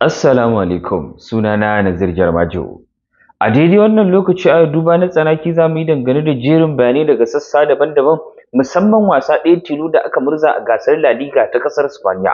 Assalamu alaikum sunana Nazir Jarmajo. A daidai wannan lokaci a duba na tsanaki za mu yi dangane da jerin bayanai daga sassa daban-daban musamman wasa ɗaya tilo da aka murza a gasar La Liga ta ƙasar Spaniya.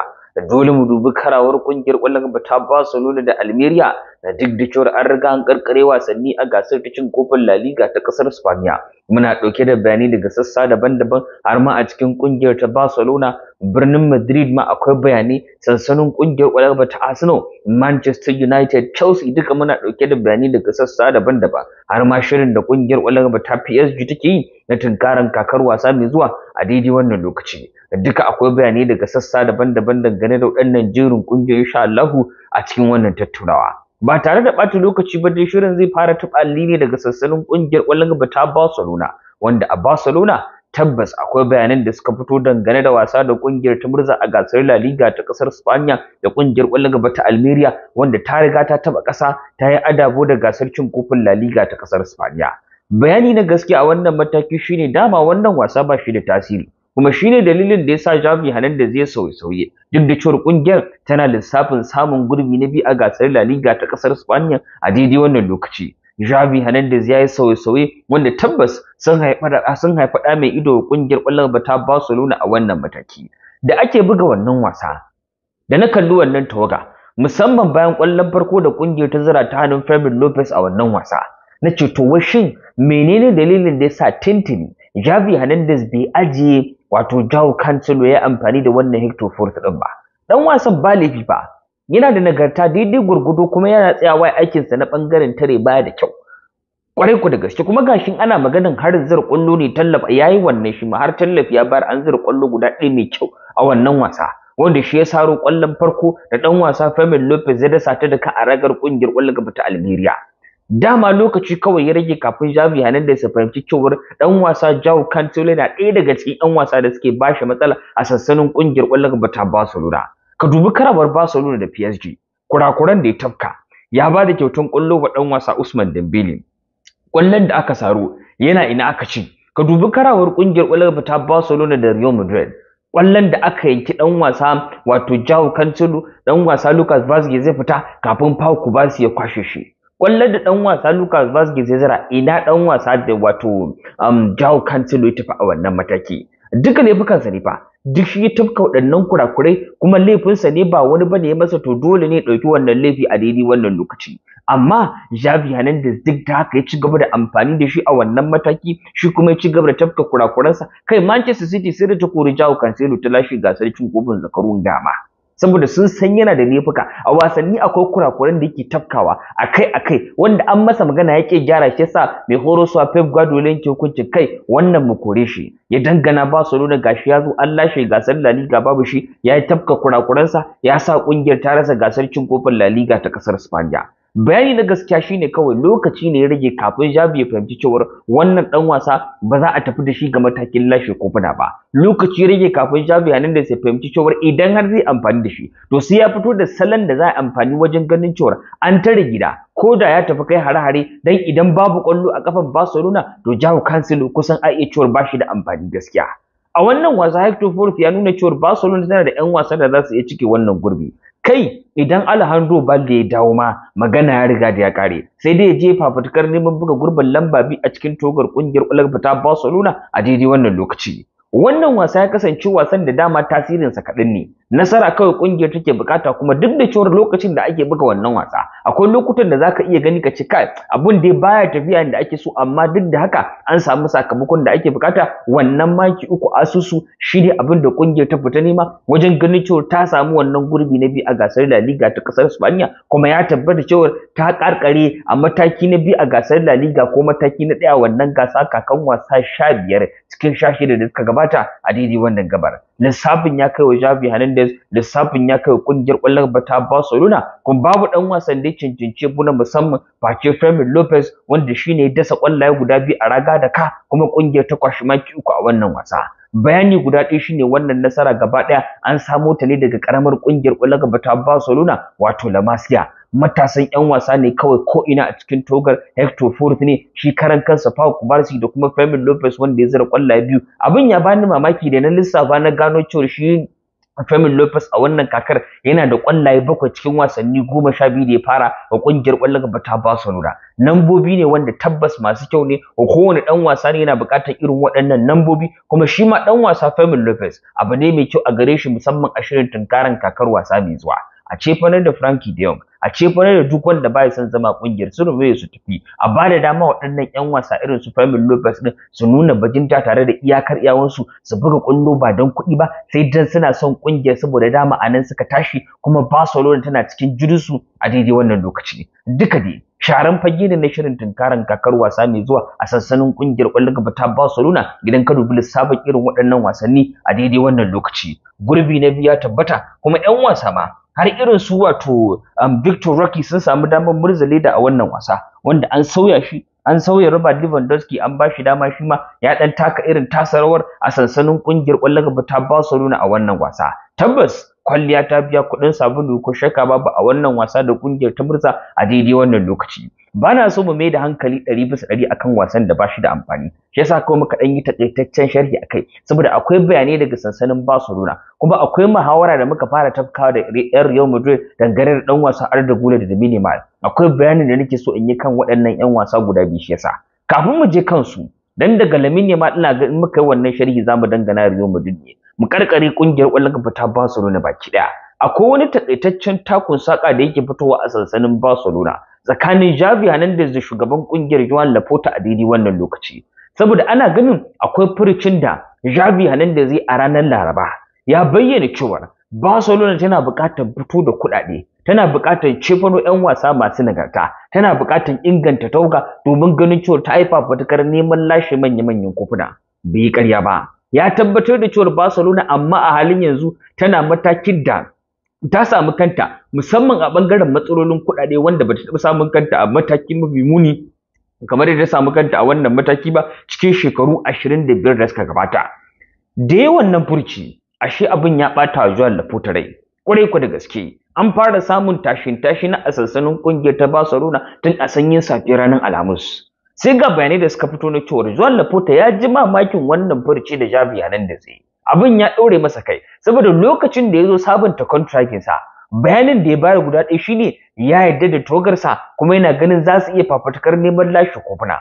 Dole mu dubi karawar ƙungiyar ƙwallon gaba ta Barcelona da Almeria da cewar an riga an karkare wasanni a gasar ta cin kofin La Liga ta kasar Spaniya. Muna ɗauke da bayanai daga sassa daban-daban har ma a cikin ƙungiyar ta Barcelona, birnin Madrid ma akwai bayanai, sansanin ƙungiyar ƙwararba ta Arsenal, Manchester United, Chelsea duka muna ɗauke da bayanai daga sassa daban-daban har ma shirin da kungiyar ƙwararba ta PSG take yi na tunkaran kakar wasa mai zuwa a daidai wannan lokaci. Duka akwai bayanai daga sassa daban-daban dangane da waɗannan jerin kungiyoyi sha Allahu a cikin wannan tattaunawa. ba tare da ɓata lokaci ba dai shirin zai fara tuballi ne daga sassanin ƙungiyar ƙwallon gaba ta Barcelona wanda a Barcelona tabbas akwai bayanan da suka fito dangane da wasa da ƙungiyar ta Murza a gasar La Liga ta ƙasar Spanya da ƙungiyar ƙwallon gaba ta Almeria wanda ta riga ta taɓa ƙasa ta yi adabo da gasar cin kofin La Liga ta ƙasar Spanya bayani na gaskiya a wannan mataki shine dama wannan wasa ba shi da tasiri kuma shine dalilin da yasa Javi da zai sauye-sauye duk da cewa kungiyar tana lissafin samun gurbi na biyu a gasar La Liga ta kasar Spain a daidai wannan lokaci Javi Hanan ya yi sauye-sauye wanda tabbas sun haifa da sun haifa da mai ido kungiyar ƙwallon bata Barcelona a wannan mataki da ake buga wannan wasa da na kalli wannan tawaga musamman bayan ƙwallon farko da kungiyar ta zira ta hannun Fermin Lopez a wannan wasa na ce to shin menene dalilin da yasa Tintini Javi Hernandez bai ajiye wato Jao Cancelo ya amfani da wannan Hector Fort din ba dan wasan ba laifi ba yana da nagarta daidai gurgudu kuma yana tsayawa aikinsa na bangaren tare baya da kyau kwarai ku da gaske kuma gashin ana maganin har zar kwallo ne tallafa yayi wannan shi ma har tallafi ya bar an zira kwallo guda ɗaya mai kyau a wannan wasa wanda shi ya saro kwallon farko da ɗan wasa Fermin Lopez ya dasa ta da ka a ragar ƙungiyar ƙwallon gaba ta Algeria dama lokaci kawai ya rage kafin Javi da ya fahimci cewar dan wasa Joao Cancelo na ɗaya daga cikin ɗan wasa da suke bashi matsala a sassanin ƙungiyar ƙwallon gaba ta Barcelona. Ka dubi karawar Barcelona da PSG, kurakuran da ya tafka, ya ba da kyautun ƙwallo ga ɗan wasa Usman Dembele. Ƙwallon da aka saro yana ina aka ci. Ka dubi karawar ƙungiyar ƙwallon gaba ta Barcelona da Real Madrid. Ƙwallon da aka yanki ɗan wasa wato Joao Cancelo, ɗan wasa Lucas Vazquez zai fita kafin Pau Kubasi ya kwashe shi. kwallon da dan wasa Lucas Vazquez ya zira ina dan wasa da wato um, Jao Cancelo ya tafi a wannan mataki duka sa ne fa duk shi tafka waɗannan kurakurai kuma laifinsa ne ba wani bane ya masa to dole ne ɗauki wannan laifi a daidai wannan lokaci amma Javi Hernandez duk da haka ya ci gaba da amfani da shi a wannan mataki shi kuma ya ci gaba da tafka kurakuransa kai Manchester City sai da ta kori Jao Cancelo ta lashe gasar cin kofin zakarun dama saboda sun san yana da laifuka a wasanni akwai kurakuran da yake tafkawa akai akai wanda an masa magana yake gyara shi yasa mai horo su a Pep Guardiola yake hukuncin kai wannan mu kore shi ya dangana ba su nuna gashi ya zo shi gasar La Liga babu shi ya tafka kurakuransa ya sa kungiyar ta rasa gasar cin kofin La Liga ta kasar Spain bayani na gaskiya shine kawai lokaci ne ya rage kafin Jabi ya fahimci cewar wannan dan wasa ba za a tafi da shi ga matakin lashe kofuna ba lokaci ya rage kafin Jabi nan da sai fahimci cewa idan har zai amfani da shi to sai ya fito da salon da za a amfani wajen ganin cewa an tare gida ko da ya tafi kai hare-hare dan idan babu kwallo a kafan Barcelona to Jao Cancelo kusan a iya ba shi da amfani gaskiya a wannan wasa Hector Fort ya nuna cewa Barcelona tana da ƴan wasa da za su iya cike wannan gurbi kai idan Alejandro Balde ya dawo ma magana ya riga da ya kare sai dai ya je fafutukar neman buga gurbin lamba biyu a cikin togar kungiyar Ulrika ta Barcelona a daidai wannan lokaci wannan wasa ya kasance wasan da dama tasirinsa kaɗan ne nasara kawai kungiyar take bukata kuma duk da cewar lokacin da ake buga wannan wasa akwai lokutan da zaka iya gani ka ci kai abun da baya tafiya da ake so amma duk da haka an samu sakamakon da ake bukata wannan maki uku asusu shine abin da kungiyar ta fita nema wajen ganin cewar ta samu wannan gurbi na biyu a gasar La Liga ta kasar Spain kuma ya tabbata cewar ta karkare a mataki na biyu a gasar La Liga ko mataki na daya wannan gasa kakan wasa 15 cikin 16 da suka gabata a daidai wannan gabar lissafin ya kai wa Javi Hernandez lissafin ya kai wa kungiyar kwallon bata Barcelona kuma babu dan wasan da cincince buna musamman face Fermin Lopez wanda shine ya dasa kwallaye guda biyu a raga da ka kuma kungiyar ta kwashi maki uku a wannan wasa bayani guda ɗaya shine wannan nasara gaba ɗaya an samo ta ne daga karamar kungiyar kwallon bata Barcelona wato La Masia matasan yan wasa ne kawai ko ina a cikin togar Hector Ford ne shi karan kansa Pau Kubarsi da kuma Fermin Lopez wanda ya zira kwallaye biyu abin ya bani mamaki da na lissafa na gano cewa shi Fermin Lopez a wannan kakar yana da kwallaye bakwai cikin wasanni goma sha biyu da ya fara wa kungiyar kwallon gaba ta Barcelona. Nambobi ne wanda tabbas masu kyau ne, wa kowane ɗan wasa ne yana buƙatar irin waɗannan nambobi, kuma shi ma ɗan wasa Fermin Lopez abu ne mai kyau a gare shi musamman a shirin tunkaran kakar wasa mai zuwa. a cefanar da Frankie de Jong a cefanar da duk wanda bai son zama kungiyar su rubuye su tafi a ba da dama waɗannan yan wasa irin su Fermin Lopez din su nuna bajinta tare da iyakar iyawansu su buga kullo ba don kuɗi ba sai dan suna son kungiyar saboda dama anan suka tashi kuma Barcelona tana cikin jirinsu a daidai wannan lokaci duka dai sharan fage ne na shirin tunkaran kakar wasa mai zuwa a sansanin kungiyar ƙwallon kafa ta Barcelona gidan Kado Blues sabon irin waɗannan wasanni a daidai wannan lokaci gurbi na biya tabbata kuma yan wasa ma har irin su wato um, Victor Rocky sun samu damar murzale da a wannan wasa wanda an sauya shi an sauya Robert Lewandowski an ba shi dama shi ma ya dan taka irin tasa a sansanin kungiyar ƙwallon gaba ta Barcelona a wannan wasa tabbas kwalliya ta biya kuɗin sabulu ko shaka babu a wannan wasa da ƙungiyar ta bursa a daidai wannan lokaci ba na so mu mai da hankali ɗari bisa ɗari a kan wasan da ba shi da amfani shi yasa kawai muka ɗan yi taƙaitaccen sharhi a kai, saboda akwai bayanai daga sansanin Barcelona kuma akwai muhawara da muka fara tafkawa da 'yar Real Madrid dangane da ɗan wasa Arda gula da minimal akwai bayanin da nake so in yi kan waɗannan 'yan wasa guda biyu shi yasa kafin mu je kansu dan daga Lamine ma ina ga in muka yi wannan sharhi za mu dangana Rio mu ne mu karkare kungiyar ƙwallon kafa ta Barcelona baki daya akwai wani takaitaccen takun saka da yake fitowa a sansanin Barcelona tsakanin Javi Hernandez da shugaban kungiyar Joan Laporta a daidai wannan lokaci saboda ana ganin akwai furucin da Javi Hernandez a ranar Laraba ya bayyana cewa Barcelona tana buƙatar fito da kuɗaɗe tana buƙatar cefano 'yan wasa masu nagarta tana buƙatar inganta tauka domin ganin cewa ta haifa fatakar neman lashe manya-manyan kofuna bai yi ƙarya ba ya tabbatar da cewar Barcelona amma a halin yanzu tana matakin da ta samu kanta musamman a bangaren matsalolin kuɗaɗe wanda bata taɓa samun kanta a mataki mafi muni kamar yadda ta samu kanta a wannan mataki ba cikin shekaru ashirin da biyar da suka gabata da yawan nan furci ashe abin ya ɓata wa juan Laporta rai kwarai ku da gaske an fara samun tashin tashi na a sansanin kungiyar ta Barcelona tun a sanyin safi ranar Alhamis. Sai ga bayanai da suka fito na cewa Joan Laporta ya ji mamakin wannan furci da Javi nan da zai Abin ya ɗore masa kai saboda lokacin da ya zo sabunta kontrakin sa bayanin da ya bayar guda ɗaya shine ya yarda da togarsa kuma yana ganin za su iya fafatakar neman lashe kofuna.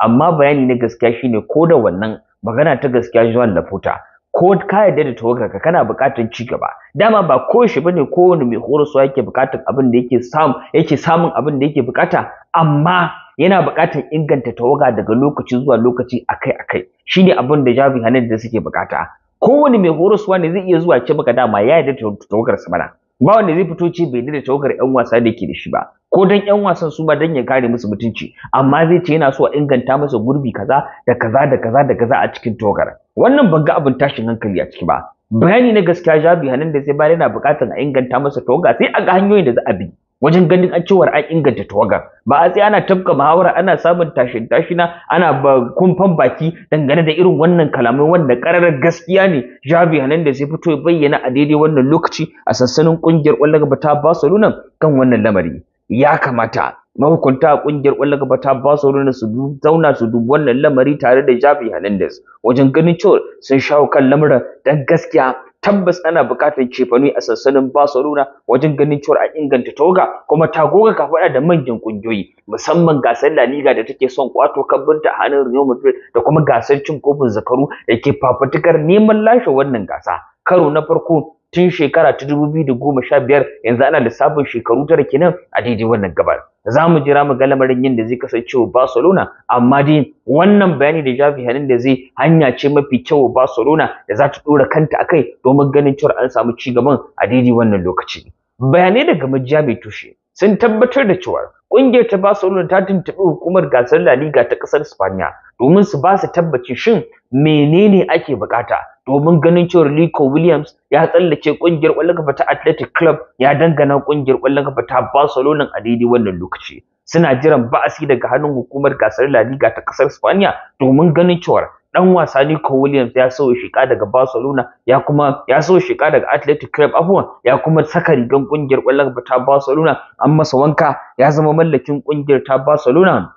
Amma bayani na gaskiya shine ko da wannan magana ta gaskiya Joan Laporta ko ka yarda da tawagarka kana buƙatar ci gaba dama ba ko shi bane kowane mai horaswa yake buƙatar abin da yake samu yake samun abin da yake buƙata amma yana buƙatar inganta tawaga daga lokaci zuwa lokaci akai akai shine abin da jabi hanan da suke buƙata kowane mai horaswa ne zai iya zuwa ce maka dama ya yarda da tawagar sa bana ba wanda zai fito ce bai da tawagar yan wasa da yake da shi ba ko dan yan wasan su ba dan ya kare musu mutunci amma zai ce yana so a inganta masa gurbi kaza da kaza da kaza da kaza a cikin tawagar wannan ban ga abin tashin hankali a ciki ba bayani na gaskiya jabi hanan da zai ba yana buƙatar a inganta masa tawaga sai a ga hanyoyin da za a bi wajen ganin an cewar an inganta tawaga. ba a sai ana tafka muhawara ana samun tashin tashina ana kumfan baki dangane da irin wannan kalamai wanda kararar gaskiya ne jabi hanan da sai fito ya bayyana a daidai wannan lokaci a sansanin kungiyar kwallon gaba ta barcelona kan wannan lamari ya kamata mahukunta a kungiyar kwallon gaba ta ba su su zauna su dubi wannan lamari tare da jabi Hernandez wajen ganin cewa sun shawo kan lamarin dan gaskiya tabbas ana buƙatar cefani a sansanin Barcelona wajen ganin cewa a inganta toga kuma ta goga kafaɗa da manyan ƙungiyoyi musamman gasar La Liga da take son kwato kabbinta a hannun Real Madrid da kuma gasar cin kofin zakaru da ke fafutukar neman lashe wannan gasa karo na farko tun shekara ta dubu biyu da goma sha biyar yanzu ana lissafin shekaru tara kenan a daidai wannan gabar za mu jira mu ga lamarin yin da zai kasance wa Barcelona amma dai wannan bayani da Javi Hanin da zai hanya ce mafi kyau wa Barcelona da za ta ɗora kanta a kai domin ganin cewa an samu ci gaban a daidai wannan lokaci bayanai daga majiya mai tushe sun tabbatar da cewa ƙungiyar ta ba Barcelona ta tuntuɓi hukumar gasar La Liga ta ƙasar Spanya, domin su ba su tabbaci shin menene ake bukata domin ganin cewar Lico Williams ya tsallake ƙungiyar ƙwallon kafa ta Athletic Club ya dangana ƙungiyar ƙwallon kafa ta Barcelona a daidai wannan lokaci. suna jiran ba'asi daga hannun hukumar gasar La Liga ta kasar Spaniya domin ganin cewa dan wasa Nico Williams ya so shiga daga Barcelona ya kuma ya so shiga daga Athletic Club Abuwan ya kuma saka rigan kungiyar kwallon ta Barcelona an masa wanka ya zama mallakin kungiyar ta Barcelona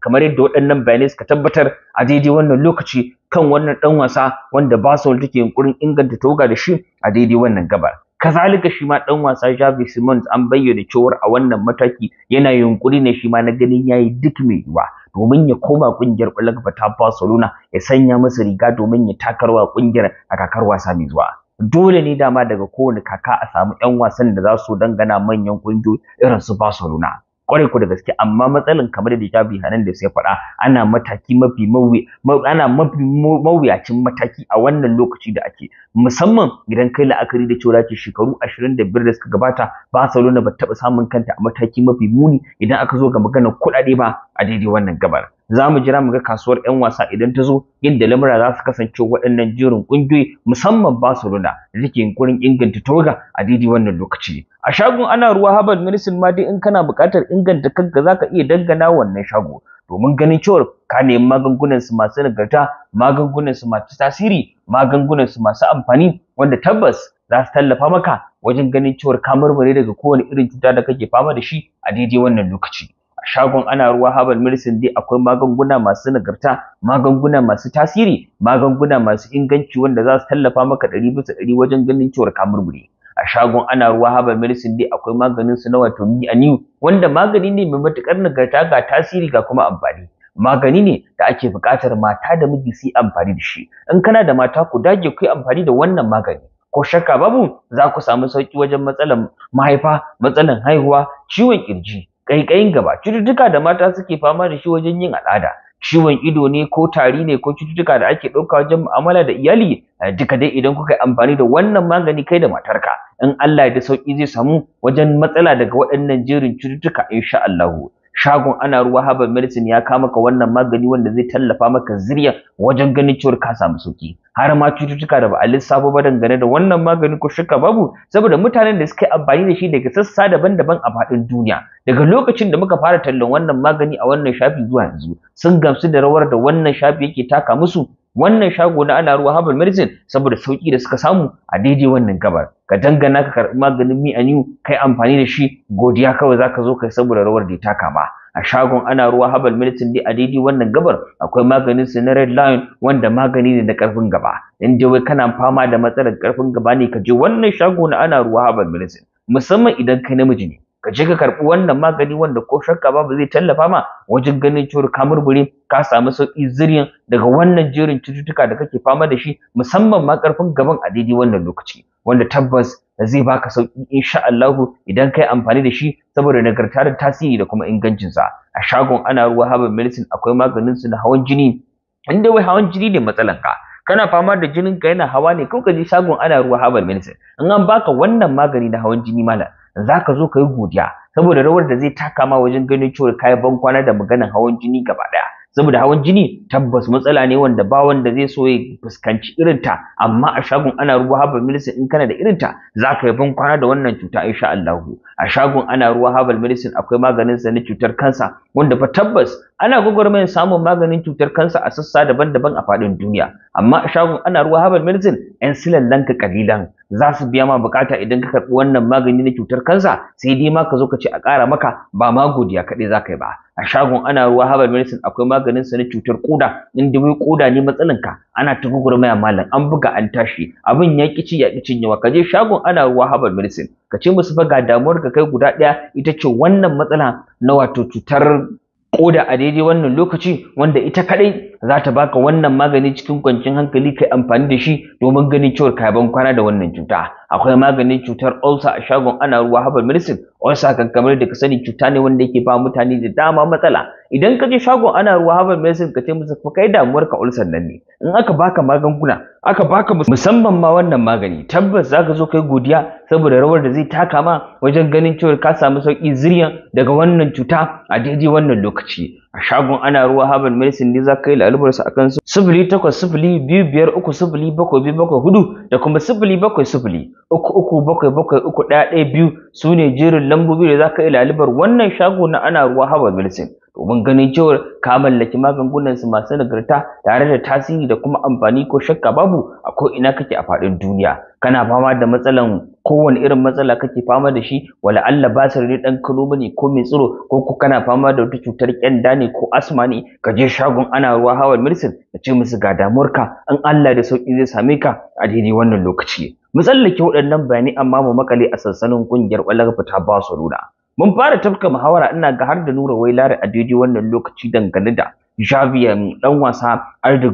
kamar yadda waɗannan bayanai suka tabbatar a daidai wannan lokaci kan wannan dan wasa wanda Barcelona take yunkurin inganta toga da shi a daidai wannan gabar kazalika shi ma dan wasa Javi Simons an bayyana cewa a wannan mataki yana yunkuri ne shi ma na ganin yayi duk mai yiwa domin ya koma kungiyar Black ta Barcelona ya sanya masa riga domin ya takarwa kungiyar a kakar wasa mai zuwa dole ne dama daga kowane kaka a samu 'yan wasan da za su dangana manyan kungiyoyi irin su Barcelona kwarai ku da gaske amma matsalin kamar da ta hanan da sai faɗa ana mataki mafi mawuyaci ana mafi mawuyacin mataki a wannan lokaci da ake musamman idan kai la'akari da cewa ce shekaru 25 da suka gabata Barcelona ba taɓa samun kanta a mataki mafi muni idan aka zo ga maganar kuɗaɗe ba a daidai wannan gabar za mu jira mu ga kasuwar 'yan wasa idan ta zo yadda lamura za su kasance waɗannan jerin ƙungiyoyi musamman ba su da take yunkurin inganta toga a daidai wannan lokaci. A shagon ana ruwa Harvard Medicine ma dai in kana buƙatar inganta kanka za ka iya dangana wannan shago. domin ganin cewar ka nemi magungunan su masu nagarta magungunan su masu tasiri magungunan su masu amfani wanda tabbas za su tallafa maka wajen ganin cewar ka murmure daga kowane irin cuta da kake fama da shi a daidai wannan lokaci shagon ana ruwa habal medicine dai akwai magunguna masu nagarta magunguna masu tasiri magunguna masu inganci wanda za su tallafa maka ɗari bisa ɗari wajen ganin cewar ka murmure a shagon ana ruwa habal medicine dai akwai maganin su na wato mi a new wanda magani ne mai matuƙar nagarta ga tasiri ga kuma amfani magani ne da ake buƙatar mata da miji su amfani da shi in kana da mata ku dage ku yi amfani da wannan magani ko shakka babu za ku samu sauki wajen matsalar mahaifa matsalan haihuwa ciwon kirji ƙaiƙayin gaba cututtuka da mata suke fama da shi wajen yin al'ada ciwon ido ne ko tari ne ko cututtuka da ake ɗauka wajen mu'amala da iyali eh, duka dai idan kuka yi amfani da wannan magani kai da matarka in Allah ya da sauki zai samu wajen matsala daga waɗannan jerin cututtuka insha Allah shagon ana ruwa haba medicine ya kama ka wannan magani wanda zai tallafa maka zuriya wajen ganin cewa ka samu sauki har ma cututtuka da ba a lissafo ba dangane da wannan magani ko shuka babu saboda mutanen da suke yi amfani da shi daga sassa daban-daban a faɗin duniya daga lokacin da muka fara tallan wannan magani a wannan shafi zuwa yanzu sun gamsu da rawar da wannan shafi yake taka musu wannan shago na ana ruwa herbal medicine saboda sauki da suka samu a daidai wannan gabar ka dangana ka karɓi maganin mi a kai amfani da shi godiya kawai zaka zo kai saboda rawar da ya taka ma a shagon ana ruwa habal medicine dai a daidai wannan gabar akwai maganin su na red lion wanda magani ne na karfin gaba in dai wai kana fama da matsalar karfin gaba ne ka je wannan shago na ana ruwa habal medicine musamman idan kai namiji ne ka je ka karɓi wannan magani wanda ko shakka babu zai tallafa ma wajen ganin cewar ka murmure ka samu sauƙi zuriyan daga wannan jerin cututtuka da kake fama da shi musamman ma ƙarfin gaban a daidai wannan lokaci wanda tabbas zai baka sauƙi insha Allahu idan kai amfani da shi saboda nagarta da tasiri da kuma ingancin sa a shagon ana ruwa herbal medicine akwai maganin su na hawan jini in wai hawan jini ne matsalan ka kana fama da jinin ka yana hawa ne kawai ka je shagon ana ruwa herbal medicine in an baka wannan magani na hawan jini malam. za ka zo ka yi godiya saboda rawar da zai taka ma wajen ganin cewa kai ban kwana da maganan hawan jini gaba daya saboda hawan jini tabbas matsala ne wanda ba wanda zai so ya fuskanci irinta amma a shagon ana ruwa habal medicine in kana da irinta za ka yi ban kwana da wannan cuta insha Allah a shagon ana ruwa habal medicine akwai maganin sa na cutar kansa wanda fa tabbas ana gwagwarmayar samun maganin cutar kansa a sassa daban-daban a faɗin duniya amma a shagon ana ruwa haɓar medicine yan silan lanka kalilan za su biya ma bukata idan ka karɓi wannan magani na cutar kansa sai dai ma ka zo ka ce a ƙara maka ba ma godiya kaɗai za ka yi ba a shagon ana ruwa haɓar medicine akwai maganin sa na cutar koda in da wai koda ne ka ana ta gugurmaya malam an buga an tashi abin ya ƙici ya ƙicin yawa ka je shagon ana ruwa haɓar medicine ka ce musu fa ga damuwar ka kai guda ɗaya ita ce wannan matsala na wato cutar koda a daidai wannan lokaci wanda ita kadai za ta baka wannan magani cikin kwanciyar hankali kai amfani da shi domin ganin ciwon ka ban kwana da wannan cuta akwai maganin cutar ulcer a shagon ana ruwa herbal medicine ulcer kan kamar da ka sani cuta ne wanda yake ba mutane da dama matsala idan ka je shagon ana ruwa herbal medicine ka ce musu fa kai damuwar ka ulcer nan ne in aka baka magunguna aka baka musamman ma wannan magani tabbas zaka zo kai godiya saboda rawar da zai taka ma wajen ganin cewa ka samu sauki zuriya daga wannan cuta a daidai wannan lokaci a shagon ana ruwa haban medicine ne za ka yi lalubarsa a kansu sifili takwas sifili biyu biyar uku sifili bakwai biyu bakwai hudu da kuma sifili bakwai sifili uku uku bakwai bakwai uku ɗaya ɗaya biyu su ne jerin lambobi da za ka yi lalubar wannan shago na ana ruwa haban medicine domin ganin cewar ka mallaki magungunan su masu nagarta tare da tasiri da kuma amfani ko shakka babu a ko ina kake a faɗin duniya kana fama da matsalan kowane irin matsala kake fama da shi wala Allah basir ne dan kaloma bane ko mai tsiro ko ku kana fama da wata cutar kyanda ne ko asma ne ka je shagon ana ruwa hawan medicine ka ce musu ga damuwarka an Allah da sauki zai same ka a daidai wannan lokaci mu ke waɗannan bayanai amma mu makale a sansanin kungiyar ƙwallon fita ba su nuna mun fara tafka muhawara ina ga har da nura wailare a daidai wannan lokaci dangane da Javier dan wasa Arda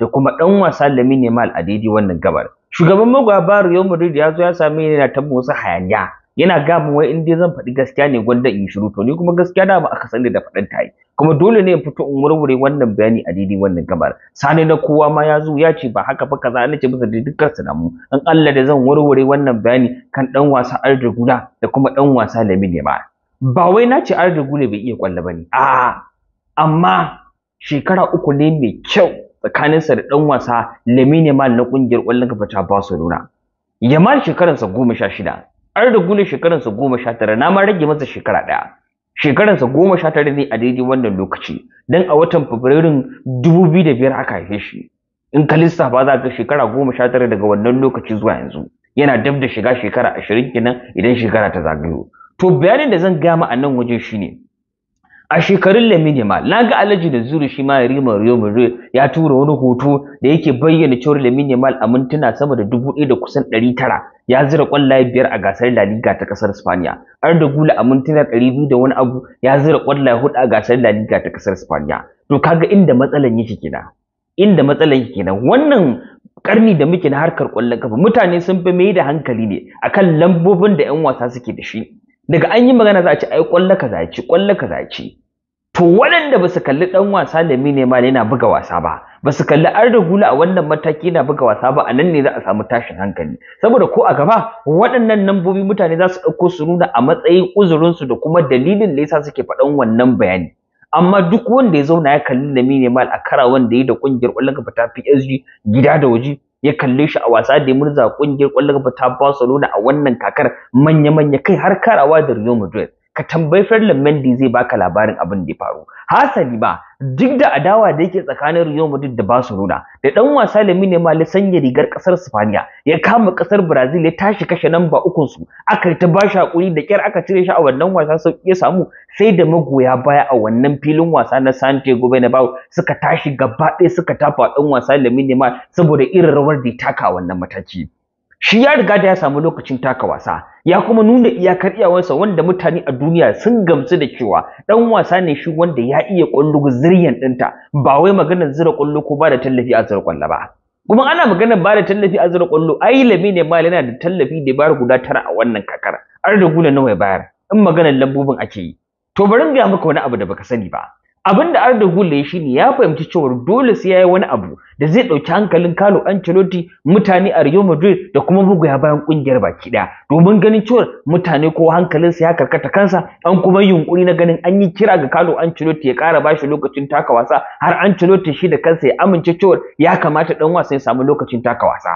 da kuma dan wasa Lamine Yamal a daidai wannan gabar shugaban magwabar yau madrid ya zo ya sami ni yana tabbu wasu hayaniya yana gama wai in dai zan faɗi gaskiya ne gwanda in shiru to ni kuma gaskiya da ba aka sani da faɗin ta kuma dole ne in fito in warware wannan bayani a daidai wannan gabar sani na kowa ma ya zo ya ce ba haka ba kaza na ce masa dukkan su damu in Allah da zan warware wannan bayani kan dan wasa Arda da kuma dan wasa Lamine ba ba wai na ce Arda bai iya kwalla bane a amma shekara uku ne mai kyau tsakaninsa da ɗan wasa Lamine Yamal na ƙungiyar ƙwallon kafa ta Barcelona. Yamal shekaransa goma sha shida, Ardaguli shekaransa goma sha tara, na ma rage masa shekara ɗaya. Shekaransa goma sha ne a daidai wannan lokaci, don a watan Fabrairun dubu biyu da biyar aka haife shi. In ka lissafa za ka shekara goma sha tara daga wannan lokaci zuwa yanzu. Yana dab da shiga shekara ashirin kenan idan shekara ta zagayo. To bayanin da zan gaya ma a nan wajen shine a shekarun lamine na ga alhaji da zuru shi ma rima riyo ya tura wani hoto da yake bayyana cewar lamine a mintuna sama da dubu ɗaya da kusan ɗari tara ya zira ƙwallaye biyar a gasar La Liga ta ƙasar Spaniya. Har da gula a ɗari biyu da wani abu ya zira ƙwallaye hudu a gasar La Liga ta ƙasar Spaniya. To kaga inda matsalan yake kenan. Inda matsalan yake kenan. Wannan karni da muke na harkar ƙwallon kafa mutane sun fi mai da hankali ne akan lambobin da 'yan wasa suke da shi. Daga an yi magana za a ci ai ƙwallo kaza ci ƙwallo kaza ci. to waɗanda ba su kalli ɗan wasa da mine yana buga wasa ba ba su kalli an gula a wannan mataki yana buga wasa ba a nan ne za a samu tashin hankali saboda ko a gaba waɗannan nambobi mutane za su ɗauko su nuna a matsayin uzurinsu da kuma dalilin da yasa suke faɗan wannan bayani amma duk wanda ya zauna ya kalli da mine a kara wanda ya da ƙungiyar ƙwallon kafa ta PSG gida da waje ya kalle shi a wasa da ya murza ƙungiyar ƙwallon kafa ta Barcelona a wannan kakar manya-manya kai har karawa da Real Madrid ka tambayi Ferdinand Mendy zai baka labarin abin da ya faru hasali ba duk da adawa da yake tsakanin Real Madrid da Barcelona da dan wasa Lamine Yamal ya sanya rigar kasar Spain ya kama kasar Brazil ya tashi kashe namba ukun su aka yi ta bashi hakuri da kyar aka cire shi a wannan wasa sau ya samu sai da magoya baya a wannan filin wasa na Santiago Bernabeu suka tashi gaba ɗaya suka tafa dan wasa Lamine Yamal saboda irin rawar da ya taka wannan mataki shi ya riga da ya samu lokacin taka wasa ya kuma nuna iyakar iyawansa wanda mutane a duniya sun gamsu da cewa dan wasa ne shi wanda ya iya kwallo ziryan dinta ba wai maganar zira kwallo ko ba da tallafi a zira kwallo ba kuma ana maganar ba da tallafi a zira kwallo ai lami ne ma yana da tallafi da bayar guda tara a wannan kakar an da gula nawa ya bayar in maganar lambobin ake yi to bari mu ga maka wani abu da baka sani ba abin da Arda gule ya shine ya fahimci cewa dole sai yayi wani abu da zai dauki hankalin Carlo Ancelotti mutane a Real Madrid da kuma ya bayan kungiyar baki daya domin ganin cewa mutane ko hankalin hankalinsa ya karkata kansa an kuma yunkuri na ganin an yi kira ga Carlo Ancelotti ya kara bashi lokacin taka wasa har Ancelotti shi da kansa ya amince cewa ya kamata dan wasa ya samu lokacin taka wasa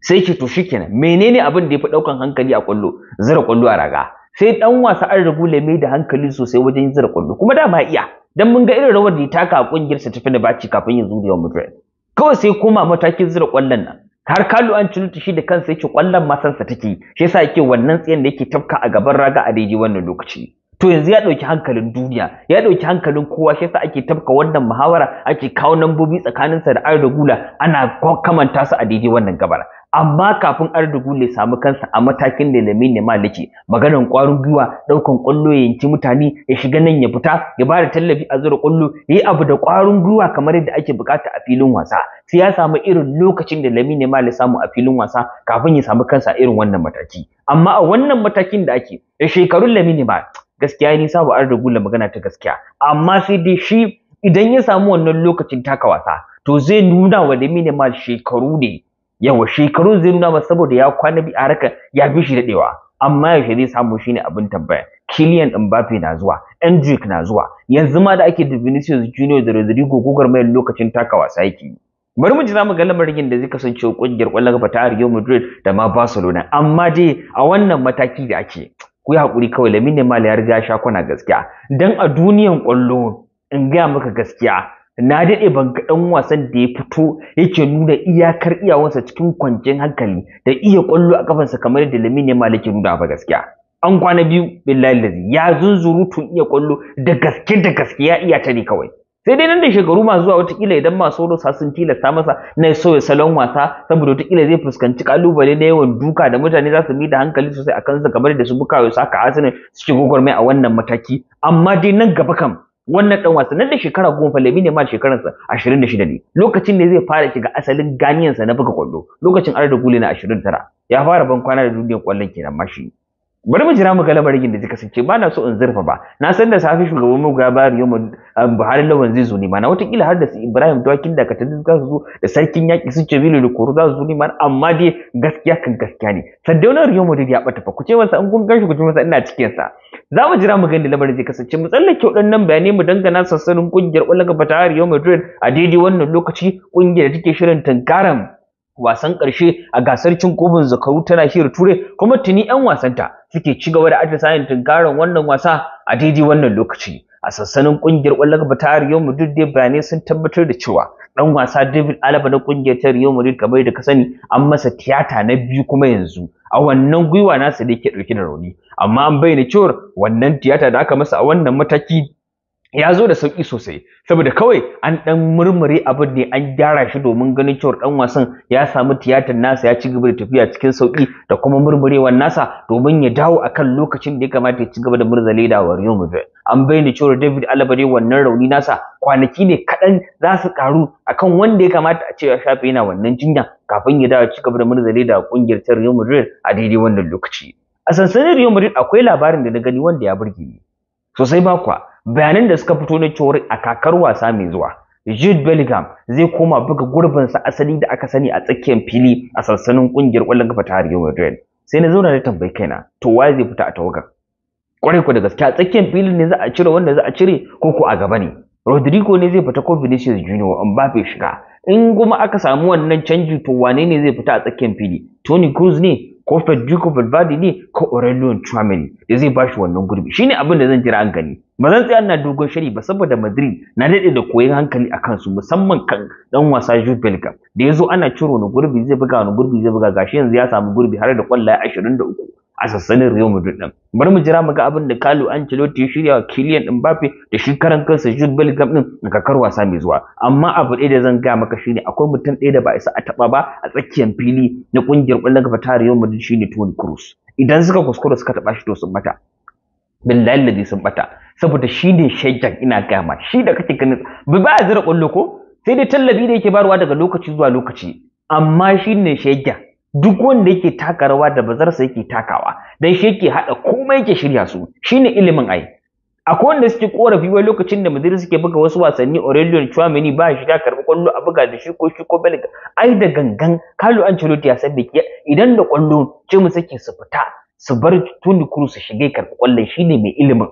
sai ki to shikenan menene abin da ya fi daukan hankali a kwallo zira kwallo a raga sai dan wasa an rigule mai da hankali sosai wajen zira kwallo kuma dama iya dan mun ga irin rawar da ya taka a kungiyar sa tafi da baci kafin da yawan Madrid kawai sai koma matakin zira kwallon nan har kalu an cinuta shi da kansa yake kwallon masansa take shi yasa yake wannan tsayen da yake tafka a gaban raga a daidai wannan lokaci to yanzu ya dauki hankalin duniya ya dauki hankalin kowa shi yasa ake tafka wannan muhawara ake kawo tsakanin sa da Arda Gula ana kamanta su a daidai wannan gabara amma kafin Ardugu ne samu kansa a matakin da lami ne maliki maganan ƙwarin gwiwa ɗaukan ƙwallo ya yanki mutane ya shiga nan ya fita ya ba da tallafi a zura ƙwallo ya yi abu da ƙwarin gwiwa kamar yadda ake buƙata a filin wasa sai ya samu irin lokacin da lami ne ya samu a filin wasa kafin ya samu kansa irin wannan mataki amma a wannan matakin da ake da shekarun lami ne ba gaskiya ni sabu Ardugu la magana ta gaskiya amma sai dai shi idan ya samu wannan lokacin taka wasa to zai nuna wa lami ne shekaru ne yawa shekaru zai nuna masa saboda ya kwana bi a ya bi shi daɗewa amma yaushe zai samu shi ne abin tambaya Kylian Mbappe na zuwa Endrick na zuwa yanzu ma da ake da Vinicius Junior da Rodrigo mai lokacin taka wasa yake bari mu ji zamu ga lamarin da zai kasance kungiyar kwallon kafa ta Real Madrid da ma Barcelona amma dai a wannan mataki da ake ku yi hakuri kawai Lamine mal ya riga sha kwana gaskiya dan a duniyan kwallo in gaya maka gaskiya na daɗe ban ga ɗan wasan da ya fito yake nuna iyakar iyawansa cikin kwanciyar hankali da iya ƙwallo a kafansa kamar yadda Lamine ne yake nuna ba gaskiya an kwana biyu billahi lazi ya tun iya ƙwallo da gaske da gaske ya iya ta ne kawai sai dai nan da shekaru masu zuwa watakila idan masu rosa sun tilasta masa na sauya salon wasa saboda watakila zai fuskanci kalubale na yawan duka da mutane za su mi da hankali sosai a kansa kamar da su bukayo saka arsenal suke gwagwarmai a wannan mataki amma dai nan gaba kam wannan dan wasa nan da shekara goma fa Lamine Yamal shekaransa 26 ne lokacin ne zai fara shiga asalin ganiyansa na buga kwallo lokacin Arda Gule na tara. ya fara ban kwana da duniyar kwallon kenan mashi bari mu jira mu ga lamarin da zai kasance ba na so in zurfa ba na san da safi shugaban mu ga bari yau ah, Buhari lawan zai zo ne mana watakila har da su Ibrahim Dawakin da Katadu za su zo da sarkin yaki su bilu da Koro za su zo ne mana amma dai gaskiya kan gaskiya ne Sardauna Riyo Modid ya bata fa ku ce masa an kun ganshi ku ce masa ina cikin sa za mu jira mu ga lamarin zai kasance mu tsallake waɗannan bayanai mu dangana sassanin kungiyar ƙwallon bata, ta Riyo Madrid a daidai wannan lokaci kungiyar da take shirin tunkaran wasan ƙarshe a gasar cin kofin zakaru ta nahiyar turai kuma tuni 'yan wasanta suke ci gaba da atisayen tunkarin wannan wasa a daidai wannan lokaci a sassanin ƙungiyar ƙwallon gaba ta Real Madrid dai bayanai sun tabbatar da cewa dan wasa David Alaba na kungiyar ta Real Madrid kamar da ka sani an masa tiyata na biyu kuma yanzu a wannan gwiwa nasa da yake dauke da rauni amma an bayyana cewa wannan tiyata da aka masa a wannan mataki ya zo da sauki sosai saboda kawai an dan murmure abin ne an gyara shi domin ganin cewar dan wasan ya samu tiyatar nasa ya ci gaba da tafiya cikin sauki da kuma murmurewan nasa domin ya dawo akan lokacin da ya kamata ya ci gaba da murzale da Wario Mbappe an bayyana cewa David Alaba wannan rauni nasa kwanaki ne kaɗan za su karu akan wanda ya kamata a ce ya shafe yana wannan jinya kafin ya dawo ci gaba da murzale da kungiyar ta Real Madrid a daidai wannan lokaci a sansanin Real Madrid akwai labarin da na gani wanda ya burge ni sosai ba kwa bayanan da suka fito na cewar a kakar wasa mai zuwa Jude Bellingham zai koma buga gurbinsa asali da aka sani a tsakiyar fili a sansanin kungiyar ƙwallon kafa ta Real Madrid sai na zo na tambayi kaina to wa zai fita a tawagar kwarai ku da gaske a tsakiyar filin ne za a cire wanda za a cire ko ko a gaba ne Rodrigo ne zai fita ko Vinicius Junior Mbappe shiga in kuma aka samu wannan canji to wane ne zai fita a tsakiyar fili Toni Kroos ne ko Federico Valverde ne ko Aurelien Tchouameni da zai bashi wannan gurbi shine abin da zan jira an gani ba zan tsaya ina dogon shiri ba saboda Madrid na daɗe da koyon hankali a kansu musamman kan ɗan wasa Jude Bellingham da zo ana ciro ni gurbi zai buga wani gurbi zai buga gashi yanzu ya samu gurbi har da kwallaye 23 A sassanin Real Madrid din bar mu jira mu ga abin da Carlo Ancelotti ya shirya wa Kylian Mbappe da shi karan kansa Jude Bellingham din a kakar wasa mai zuwa amma abu ɗaya da zan ga maka shine akwai mutum ɗaya da ba isa a taba ba a tsakiyar fili na kungiyar ƙwallon kafa ta Real Madrid shine Toni Kroos idan suka kuskura suka taba shi to sun bata billahi ladi sun bata saboda shi ne shaitan ina gama shi da kake ganin ba a zira ƙwallo ko sai dai tallabi da yake barwa daga lokaci zuwa lokaci amma shi ne shaitan duk wanda yake taka rawa da bazarsa yake takawa dan shi yake hada komai yake shirya su shine ilimin ai akwai wanda suke korafi wai lokacin da Madrid suke buga wasu wasanni Aurelion Chouameni ba shi da karbi kwallo a buga da shi ko shi ko Belga ai da gangan Carlo Ancelotti ya san biki idan da kwallo ce mu sake su fita su bar Toni Kroos su shige karbi kwallon shine mai ilimin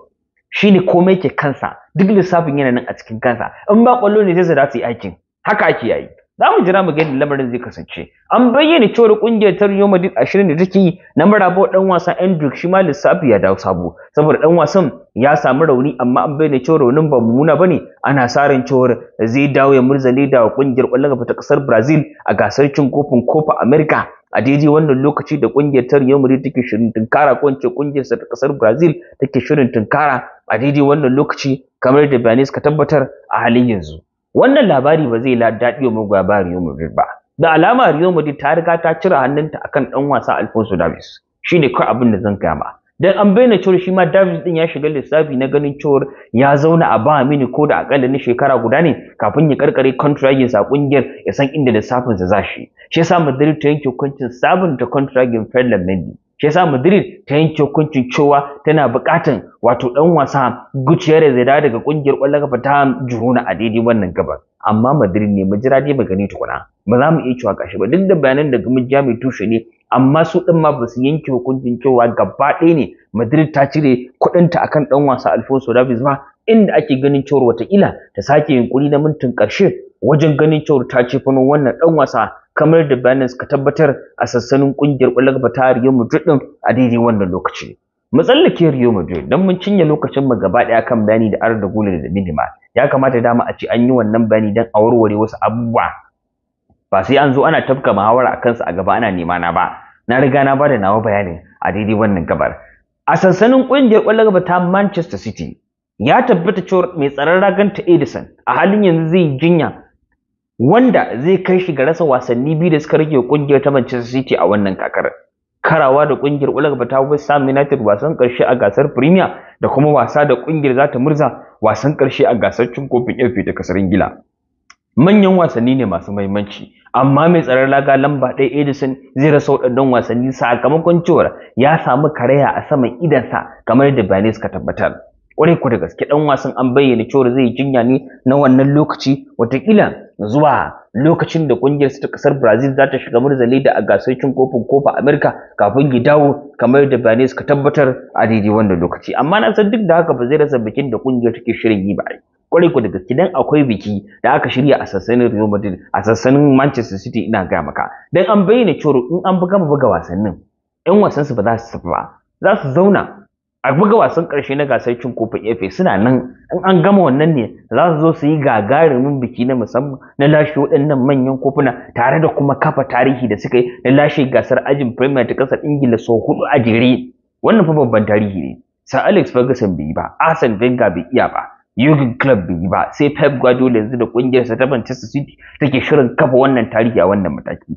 shine komai ke kansa duk lissafin yana nan a cikin kansa in ba kwallo ne zai su za su yi aikin haka ake yayi za mu jira mu ga lamarin zai kasance an bayyana cewar kungiyar ta Real Madrid a da take yi na marabo dan wasan Endrick shi ma lissafi ya dawo sabo saboda dan wasan ya samu rauni amma an bayyana cewar raunin ba muna bane ana sa ran cewar zai dawo ya murzale da kungiyar kwallon kafa ta kasar Brazil a gasar cin kofin Copa America a daidai wannan lokaci da kungiyar ta Real Madrid take shirin tunkara ko ince kungiyar ta kasar Brazil take shirin tunkara a daidai wannan lokaci kamar da Banis ka tabbatar a halin yanzu wannan labari ba zai daɗi wa magoya bayan Real Madrid ba da alama Real Madrid ta riga ta cire hannunta akan ɗan wasa Alfonso Davies shine kai abin da zan ma. dan an bayyana cewa shi ma Davis din ya shiga lissafi na ganin cewa ya zauna a ba mini ko da akalla na shekara guda ne kafin ya karkare contracting sa kungiyar ya san inda lissafin sa za shi shi yasa Madrid ta yanke hukuncin sabunta contracting Ferland Mendy shi Madrid ta yanke hukuncin cewa tana buƙatan wato dan wasa Gutierrez ya dawo daga kungiyar ƙwallon kafa ta Girona a daidai wannan gabar? amma Madrid ne majira dai ba gani tukuna ba za mu iya cewa kashi ba duk da bayanan daga mujiya mai tushe ne amma su din ma ba su yanke hukuncin cewa gaba ɗaya ne Madrid ta cire kuɗinta akan dan wasa Alfonso Davies ba inda ake ganin cewar watakila ta sake yin kuri na mintin ƙarshe wajen ganin cewar ta ce wannan dan wasa kamar da bayanin ka tabbatar a sassanin kungiyar ƙwallon kafa ta Real Madrid din a daidai wannan lokaci matsallake Real Madrid dan mun cinye lokacin mu gaba daya kan bayani da da Guler da Minima ya kamata dama a ce an yi wannan bayani dan a warware wasu abubuwa ba sai an zo ana tafka muhawara a kansa a gaba ana nema na ba na riga na bada nawa bayanin a daidai wannan gabar a sansanin kungiyar ƙwallon ta Manchester City ya tabbata cewa mai tsaron ragan ta Edison a halin yanzu zai jinya wanda zai kai shi ga rasa wasanni biyu da suka rage kungiyar ta Manchester City a wannan kakar. Karawa da kungiyar ba ta West Ham United wasan karshe a gasar Premier da kuma wasa da kungiyar za ta murza wasan karshe a gasar cin kofin FA ta kasar Ingila. Manyan wasanni ne masu mahimmanci, amma mai tsaron laga lamba ɗaya Edison zai rasa waɗannan wasanni sakamakon cewar ya samu karaya a saman idansa kamar da bayanai suka tabbatar. kwarai ku da gaske dan wasan an bayyana cewa zai jinya ne na wannan lokaci watakila zuwa lokacin da kungiyar ta kasar Brazil za ta shiga murzali da a gasar cin kofin kofa Amurka kafin ya dawo kamar da bayanai suka tabbatar a daidai wannan lokaci amma na san duk da haka ba zai rasa bikin da kungiyar take shirin yi ba kwarai ku da gaske dan akwai biki da aka shirya a sassanin Real Madrid a sassanin Manchester City ina gaya maka dan an bayyana cewa in an buga buga wasannin 'yan wasansu ba za su tafi ba za su zauna a buga wasan karshe na gasar cin kofin FA suna nan in an gama wannan ne za su zo su yi gagarumin biki na musamman na lashe waɗannan manyan kofuna tare da kuma kafa tarihi da suka yi na lashe gasar ajin Premier ta ƙasar Ingila sau hudu a jere wannan fa babban tarihi ne Sir Alex Ferguson bai yi ba Arsene Wenger bai iya ba Jurgen Klopp bai yi ba sai Pep Guardiola yanzu da ƙungiyarsa ta Manchester City take shirin kafa wannan tarihi a wannan mataki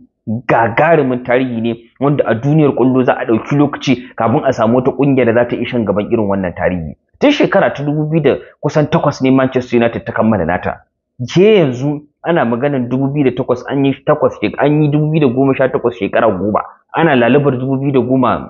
gagarumin tarihi ne wanda a duniyar kullo za a ɗauki lokaci kafin a samu wata ƙungiyar da za ta ishan gaban irin wannan tarihi tun shekara ta dubu biyu da kusan takwas ne manchester united ta kammala nata je yanzu ana maganar dubu biyu da takwas an yi takwas an yi dubu biyu da goma sha takwas shekara goma ana lalubar dubu biyu da goma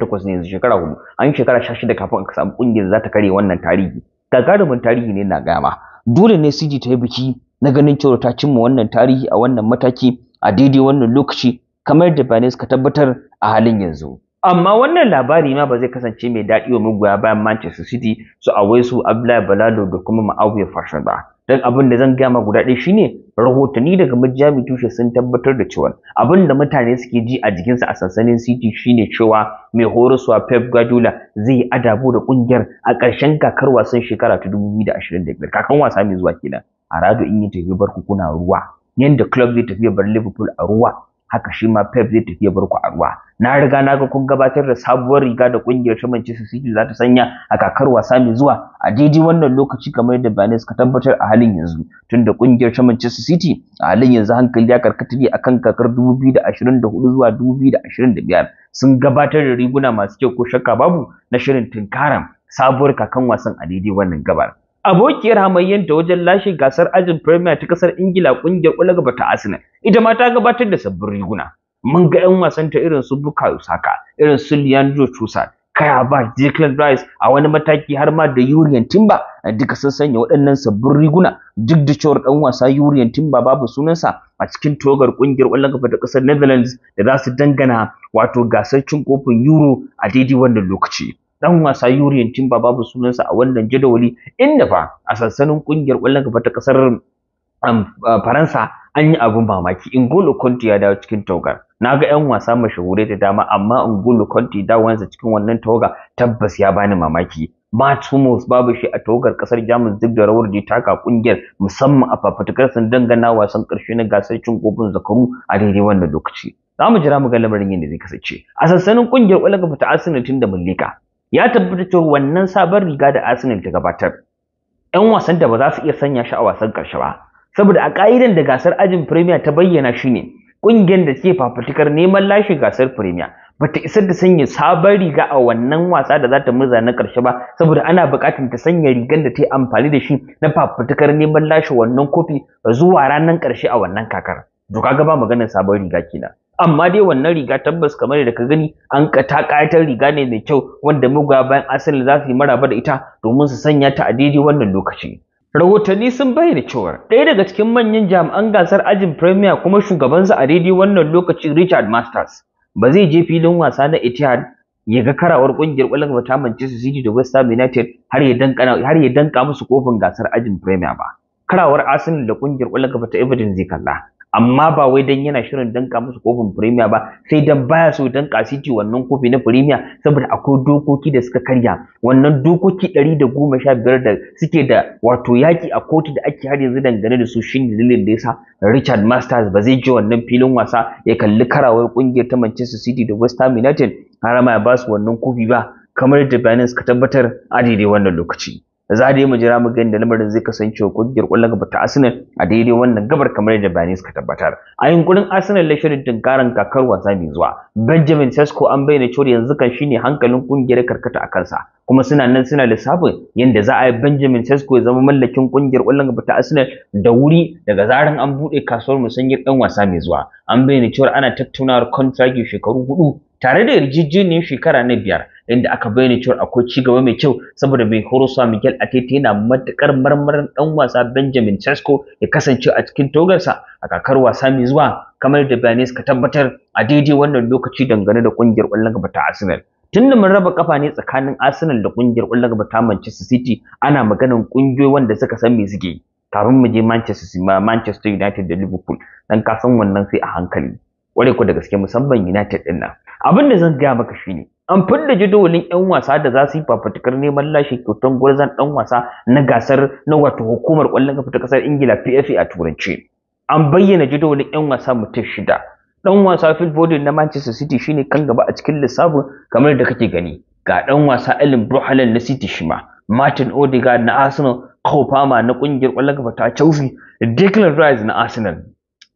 takwas ne yanzu shekara hudu an yi shekara 16 kafin a samu kungiyar za ta kare wannan tarihi gagarumin tarihi ne na gama dole ne CG ta yi biki na ganin cewa ta cimma wannan tarihi a wannan mataki a daidai wannan lokaci kamar da bayanai suka tabbatar a halin yanzu. Amma wannan labari ma ba zai kasance mai daɗi wa magoya bayan Manchester City su awai su Abdullahi Balado da kuma Ma'awiyar Fashion ba. Dan abin da zan ma guda ɗaya shine rahotanni daga majami tushe sun tabbatar da cewa abin da mutane suke ji a jikinsa a sansanin City shine cewa mai horaswa Pep Guardiola zai yi adabo da ƙungiyar a ƙarshen kakar wasan shekara ta 2025 kakan wasa mai zuwa kenan. A rado in yi tafi barku kuna ruwa. yanda club zai tafi bar liverpool a ruwa haka shi ma pep zai tafi ya bar ku a ruwa na riga na ga kun gabatar da sabuwar riga da kungiyar ta manchester city za ta sanya a kakar wasa mai zuwa a daidai wannan lokaci kamar yadda bayanai ka tabbatar a halin yanzu tunda kungiyar ta manchester city a halin yanzu hankali ya karkata ne akan kakar 2024 zuwa 2025 sun gabatar da riguna masu kyau ko shakka babu na shirin tunkaran sabuwar kakan wasan a daidai wannan gabar abokiyar hamayyanta wajen lashe gasar ajin Premier ta kasar Ingila kungiyar ƙwallon gaba ta Arsenal ita ma ta gabatar da sabbin riguna mun ga 'yan wasan ta irin su Buka Saka irin su Leandro Trossard Kaya Ba, Declan Rice a wani mataki har ma da Yurian Timba, duka sun sanya waɗannan sabbin riguna duk da cewar ɗan wasa Yurian Timba babu sunansa a cikin togar ƙungiyar ƙwallon gaba ta kasar Netherlands da za su dangana wato gasar cin kofin Euro a daidai wannan lokaci. dan wasa Yuriyan Timba babu sunansa a wannan jadawali inda fa a sansanin kungiyar kwallon gaba ta kasar um, uh, Faransa an yi abin mamaki In golo Conte ya dawo cikin tawagar naga ga 'yan wasa mashahurai da dama amma Golo Conte dawansa cikin wannan tawaga tabbas ya bani mamaki Matt Hummels babu shi a tawagar kasar Jamus duk da rawar da taka kungiyar musamman a fafutukar sun dangana wasan karshe na gasar cin kofin zakaru a daidai wannan lokaci za mu jira mu ga lamarin yadda zai kasance a sansanin kungiyar ƙwallon gaba ta Arsenal tun da Mallika ya tabbata cewa wannan sabon riga da Arsenal ta gabatar ‘yan wasan da ba za su iya sanya shi a wasan ƙarshe ba saboda a ƙa'idan da gasar ajin Premier ta bayyana shi ne, ƙungiyar da ke fafutukar neman lashe gasar Premier ta isar da sanya sabon riga a wannan wasa da za ta murza na ƙarshe ba saboda ana buƙatar ta sanya rigar da ta yi amfani da shi na fafutukar neman lashe wannan kofi zuwa ranar ƙarshe a wannan kakar to kaga ba maganar sabon riga kenan amma dai wannan riga tabbas kamar da ka gani an ta ƙayatar riga ne mai kyau wanda muga bayan asali za su yi maraba da ita domin su sanya ta a daidai wannan lokaci rahotanni sun bayyana cewa ɗaya daga cikin manyan jami'an gasar ajin premier kuma shugabansa a daidai wannan lokaci richard masters ba zai je filin wasa na etihad ya ga karawar ƙungiyar ƙwallon ba ta manchester city da west ham united har ya danka musu kofin gasar ajin premier ba karawar arsenal da ƙungiyar ƙwallon ba ta everton zai kalla amma ba wai dan yana shirin danka musu kofin premier ba sai dan baya so danka City wannan kofi na premier saboda akwai dokoki da suka karya wannan dokoki 115 da suke da wato yaki a kotu da ake har yanzu dangane da su shine dalilin da yasa Richard Masters ba zai je wannan filin wasa ya kalli karawar kungiyar ta Manchester City da West Ham United har ma ya ba su wannan kofi ba kamar da bayanin suka tabbatar a daidai wannan lokaci za dai mu jira mu ga inda lamarin zai kasance ko kungiyar ga gaba ta Arsenal a daidai wannan gabar kamar yadda bayanai suka tabbatar. A yunkurin Arsenal da dinkaran kakar wasa mai zuwa, Benjamin Sesko an bayyana cewa yanzu kan shine hankalin kungiyar karkata a kansa, kuma suna nan suna lissafin yanda za a yi Benjamin Sesko ya zama mallakin kungiyar kwallon gaba ta Arsenal da wuri daga zaran an buɗe kasuwar musanyar dan wasa mai zuwa. An bayyana cewa ana tattaunawar contract shekaru hudu tare da yarjejeniyar shekara na biyar inda aka bayyana cewa akwai ci gaba mai kyau saboda mai horo horosa Miguel Arteta yana matukar marmarin dan wasa Benjamin cesco ya kasance a cikin togarsa a kakar wasa mai zuwa kamar da bayanai ka tabbatar a daidai wannan lokaci dangane da kungiyar ƙwallon gaba ta Arsenal tun da mun raba kafa ne tsakanin Arsenal da kungiyar ƙwallon gaba ta Manchester City ana maganar kungiyoyi wanda suka san me suke yi kafin mu je Manchester Manchester United da Liverpool dan kasan wannan sai a hankali wani ku da gaske musamman United din nan. Abin da zan gaya maka shine an fidda jadawalin 'yan wasa da za su yi fafatukar neman lashe kyautan gwarzan ɗan wasa na gasar na wato hukumar kwallon kafa ta kasar Ingila PFA a Turanci. An bayyana jadawalin 'yan wasa mutum shida. Ɗan wasa Phil Foden na Manchester City shine kan gaba a cikin lissafin kamar da kake gani. Ga ɗan wasa Ellen Brohalan na City shima, Martin Odegaard na Arsenal, Kofama na ƙungiyar ƙwallon kafa ta Chelsea, Declan Rice na Arsenal,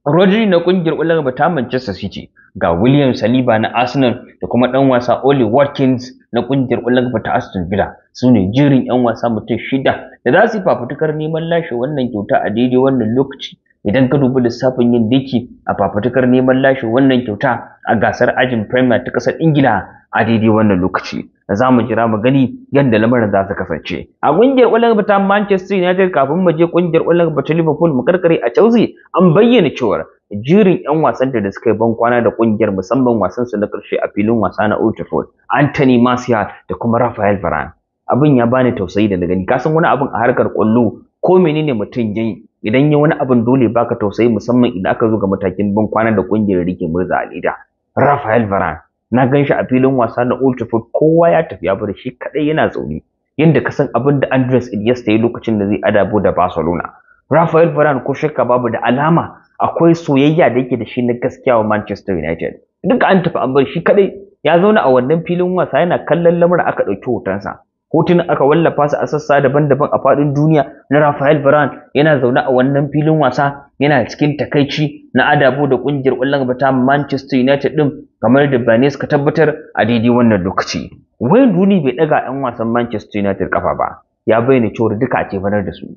Rodri na kungiyar Ulama ta Manchester City ga William Saliba na Arsenal da kuma ɗan wasa Oli Watkins na kungiyar Ulama ta Aston Villa su ne jirin 'yan wasa mutum shida da za su fafutukar neman lashe wannan kyauta a daidai wannan lokaci idan ka dubi lissafin yin diki a fafutukar neman lashe wannan kyauta a gasar ajin Premier ta ƙasar Ingila a daidai wannan lokaci za mu jira mu gani yadda lamarin za su kasance a kungiyar ƙwallon ta Manchester United kafin mu je ƙungiyar ƙwallon ta Liverpool mu karkare a Chelsea an bayyana cewa jirin 'yan wasan da suka yi ban kwana da ƙungiyar musamman wasan su na karshe a filin wasa na Old Trafford Anthony Martial da kuma Rafael Varane abin ya bani tausayi da na gani kasan wani abin a harkar ƙwallo ko menene mutum yayi idan ya wani abin dole baka tausayi musamman idan aka zo ga matakin ban kwana da kungiyar rike murza a leda Rafael Varane na gan shi a filin wasa na Old Trafford kowa ya tafi ya bar shi kadai yana tsauni, yadda ka san abin da Andres Iniesta ya lokacin da zai adabo da Barcelona Rafael Varane ko shakka babu da alama akwai soyayya da yake da shi na gaskiya wa Manchester United duka an tafi an bar shi kadai ya zauna a wannan filin wasa yana kallon lamarin aka ɗauki hotonsa hotunan aka wallafa su a sassa daban-daban a faɗin duniya na Rafael Varane yana zaune a wannan filin wasa yana cikin takaici na adabo da ƙungiyar ƙwallon gaba ta Manchester United din kamar da Banes ka tabbatar a daidai wannan lokaci. Wayne duni bai ɗaga 'yan wasan Manchester United kafa ba ya bayyana cewa duka a cefanar da su.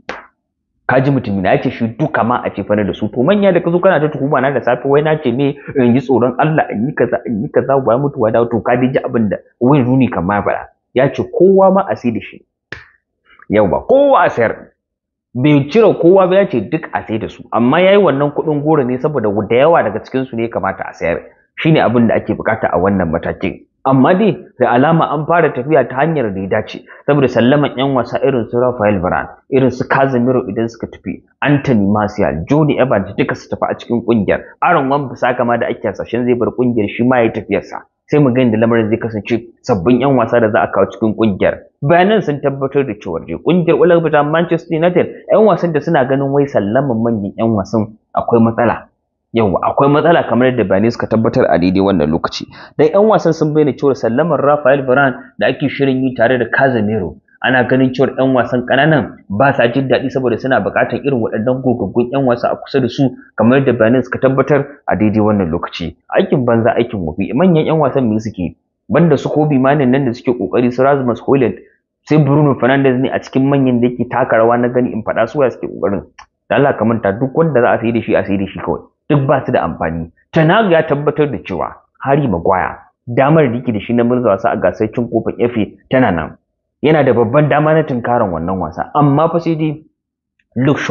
Kaji mutum na ce shi duka ma a cefanar da su to manya da ka zo kana ta tuhuma na da safe wai na ce me in ji tsoron Allah in yi kaza in yi kaza ba mutuwa da to ka ji abin da Wayne kan ma faɗa. ya ce kowa ma a da shi yau ba kowa a sayar bai cire kowa ba ya ce duk a da su amma ya yi wannan kuɗin goro ne saboda da yawa daga cikin su ne kamata a sayar ne abin da ake bukata a wannan matakin amma dai da alama an fara tafiya ta hanyar da ya dace saboda sallaman yan wasa irin su Rafael Varane irin su Casemiro idan suka tafi Anthony Martial Johnny Evans duka su tafi a cikin kungiyar Aaron Wan-Bissaka ma da ake hasashen zai bar kungiyar shi ma ya tafiyarsa sai mu gani da lamarin zai kasance sabbin 'yan wasa da za a kawo cikin kungiyar bayanan sun tabbatar da cewa je kungiyar ulabata manchester united 'yan wasan da suna ganin wai sallaman manyan 'yan wasan akwai matsala yawa akwai matsala kamar yadda bayanai suka tabbatar a daidai wannan lokaci dan yan wasan sun bayyana cewa sallaman Rafael Varane da ake shirin yi tare da Casemiro ana ganin cewar 'yan wasan ƙananan ba sa jin daɗi saboda suna buƙatar irin waɗannan gogaggun 'yan wasa a kusa da su kamar da bayanan suka tabbatar a daidai wannan lokaci aikin banza aikin wofi manyan 'yan wasan me suke banda su Kobe manin nan da suke kokari su Rasmus Hoyland sai Bruno Fernandes ne a cikin manyan da yake taka rawa na gani in faɗa su ya suke kokarin da Allah ka manta duk wanda za a sayi da shi a sayi da shi kawai duk ba su da amfani Tanag ya tabbatar da cewa "Hari Magwaya, damar da yake da shi na murza wasa a gasar cin kofin FA tana nan yana da babban dama na tunkarin wannan wasa amma fa sai dai Luke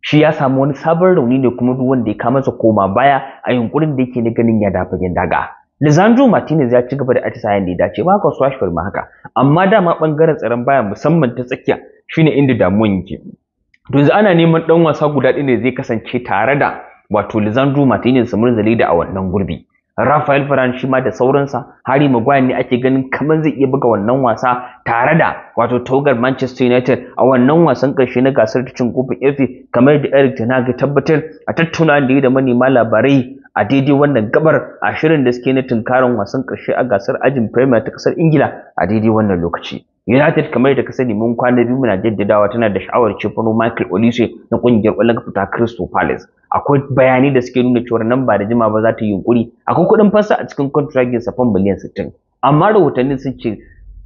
shi ya samu wani sabon rauni ne kuma duk wanda ya kama sa koma baya a yunkurin da yake na ganin ya dafa gin daga Lisandro Martinez ya ci gaba da atisayen da ya dace ba ka Swashford ma haka amma dama bangaren tsaron baya musamman ta tsakiya shine inda damuwan yake yanzu ana neman dan wasa guda ɗaya da zai kasance tare da wato Lisandro Martinez su murzali da a wannan gurbi Rafael Faran shi ma da sauransa hari Maguire ne ake ganin kamar zai iya buga wannan wasa tare da wato togar Manchester United a wannan wasan karshe na gasar ta cin kofin FA kamar da Eric Ten Hag tabbatar a tattauna da yi da manema labarai a daidai wannan gabar a shirin da suke na tunkarin wasan karshe a gasar ajin Premier ta ƙasar Ingila a daidai wannan lokaci. United kamar da ka sani mun kwana biyu muna jaddadawa tana da sha'awar cefano Michael Olise na kungiyar ƙwallon fita Crystal Palace. Akwai bayanai da suke nuna cewa nan ba da jima ba za ta yi yunkuri. Akwai kuɗin fansa a cikin kontragin sa fan miliyan 60. Amma rahotannin sun ce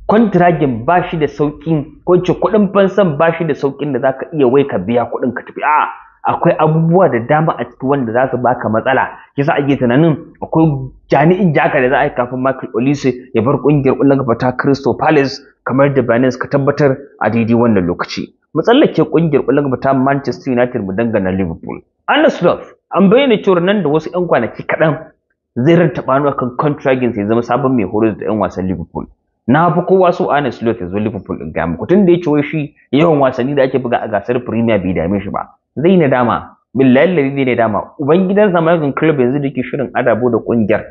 kontragin ba shi da sauƙin ko ce kuɗin fansan ba shi da sauƙin da zaka iya wai ka biya kuɗin ka tafi. A'a akwai abubuwa da dama a cikin wanda za su baka matsala yasa ake tunanin akwai jami'in jaka da za a yi kafin Michael Olise ya bar kungiyar kullun gaba ta Crystal Palace kamar da Binance ka tabbatar a daidai wannan lokaci ke kungiyar kullun gaba ta Manchester United mu dangana Liverpool Arne Slot an bayyana cewa nan da wasu 'yan kwanaki kaɗan zai ranta bano akan contragin sai zama sabon mai horo da 'yan wasan Liverpool na fi kowa so Arne Slot ya zo Liverpool in ga mu tun da ya ciwo shi yawan wasanni da ake buga a gasar Premier bai dame shi ba zai nadama billahi lalli zai nadama ubangidan zamanin club yanzu da ke shirin adabo da kungiyar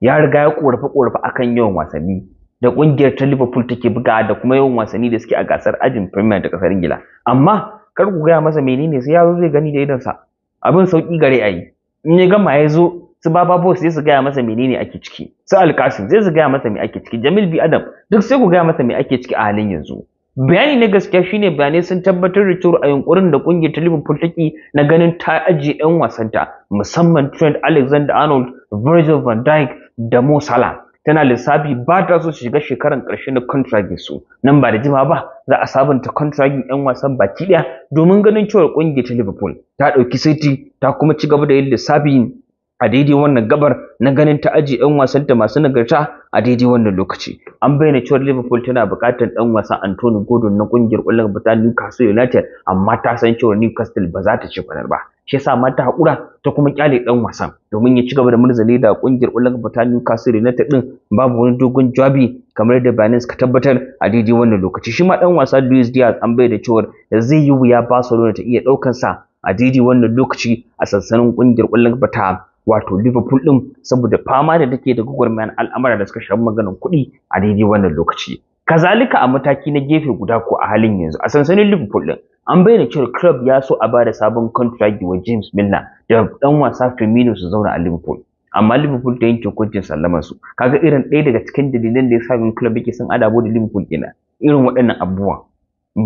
ya riga ya korafa korafa akan yawan wasanni da kungiyar ta Liverpool take buga da kuma yawan wasanni da suke a gasar ajin Premier da kasar Ingila amma kar ku gaya masa menene sai ya zo zai gani da sa abin sauki gare ayi in ya gama ya zo su baba boss sai su gaya masa menene ake ciki su alkasim zai su gaya masa me ake ciki jamil bi adam duk sai ku gaya masa me ake ciki a halin yanzu bayani na gaskiya shine bayanai sun tabbatar da cewa a yunkurin da kungiyar ta Liverpool take na ganin ta ajiye 'yan wasanta musamman Trent Alexander-Arnold, Virgil van Dijk da Mo Salah tana lissafi ba ta so su shiga shekaran ƙarshe na kontragin su nan ba da jima ba za a sabunta contract 'yan wasan baki ɗaya domin ganin cewa kungiyar ta Liverpool ta ɗauki City ta kuma ci gaba da yin lissafi a daidai wannan gabar na ganin ta aji ɗan wasanta masu nagarta a daidai wannan lokaci an bayyana cewar liverpool tana buƙatar ɗan wasa anthony gordon na ƙungiyar ƙwallon ta newcastle united amma ta san cewar newcastle ba za ta ci kwanar ba shi yasa mata ta haƙura ta kuma ƙyale ɗan wasan domin ya ci gaba da murzali da ƙungiyar ƙwallon ta newcastle united ɗin babu wani dogon jawabi kamar da Binance ka tabbatar a daidai wannan lokaci shi ma ɗan wasa Luis Diaz an bayyana cewar zai yi wuya Barcelona ta iya ɗaukansa a daidai wannan lokaci a sansanin ƙungiyar ƙwallon bata wato Liverpool din saboda fama da take da gwagwarmayar al'amara da suka shafi maganin kuɗi a daidai wannan lokaci. Kazalika a mataki na gefe guda ko a halin yanzu a sansanin Liverpool din an bayyana cewa club ya so a bada sabon contract wa James Milner da dan wasa Firmino su zauna a Liverpool. Amma Liverpool da yanke hukuncin sallaman su. Kaga irin ɗaya daga cikin dalilan da ya sa club yake son adabo da Liverpool kina, Irin waɗannan abubuwan.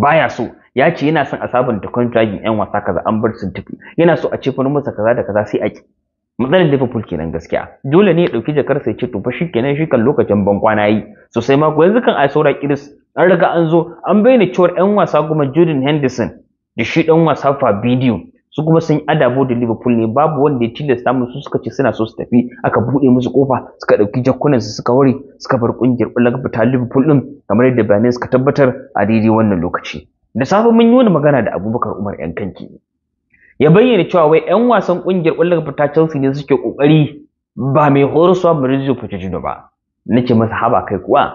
Baya so ya ce yana son a sabunta contract 'yan wasa kaza an bar sun tafi. Yana so a ce fa masa kaza da kaza sai a matsalar liverpool kenan gaskiya dole ne ya dauki jakar sai ce to fa shikenan shi kan lokacin ban kwana yi sosai ma ko yanzu kan ai saura kiris an riga an zo an bayyana cewar yan wasa kuma Jordan Henderson da shi dan wasa Fabinho su kuma sun adabo da Liverpool ne babu wanda ya tilasta musu suka ce suna so su tafi aka bude musu kofa suka ɗauki jakunan su suka ware suka bar kungiyar Black ta Liverpool din kamar yadda bayanai suka tabbatar a daidai wannan lokaci da safe mun yi wani magana da Abubakar Umar yan kanki ya bayyana cewa wai 'yan wasan ƙungiyar ƙwallon kafa Chelsea ne suke ƙoƙari ba mai horoswa Maurizio Pochettino ba nace masa haba kai kuwa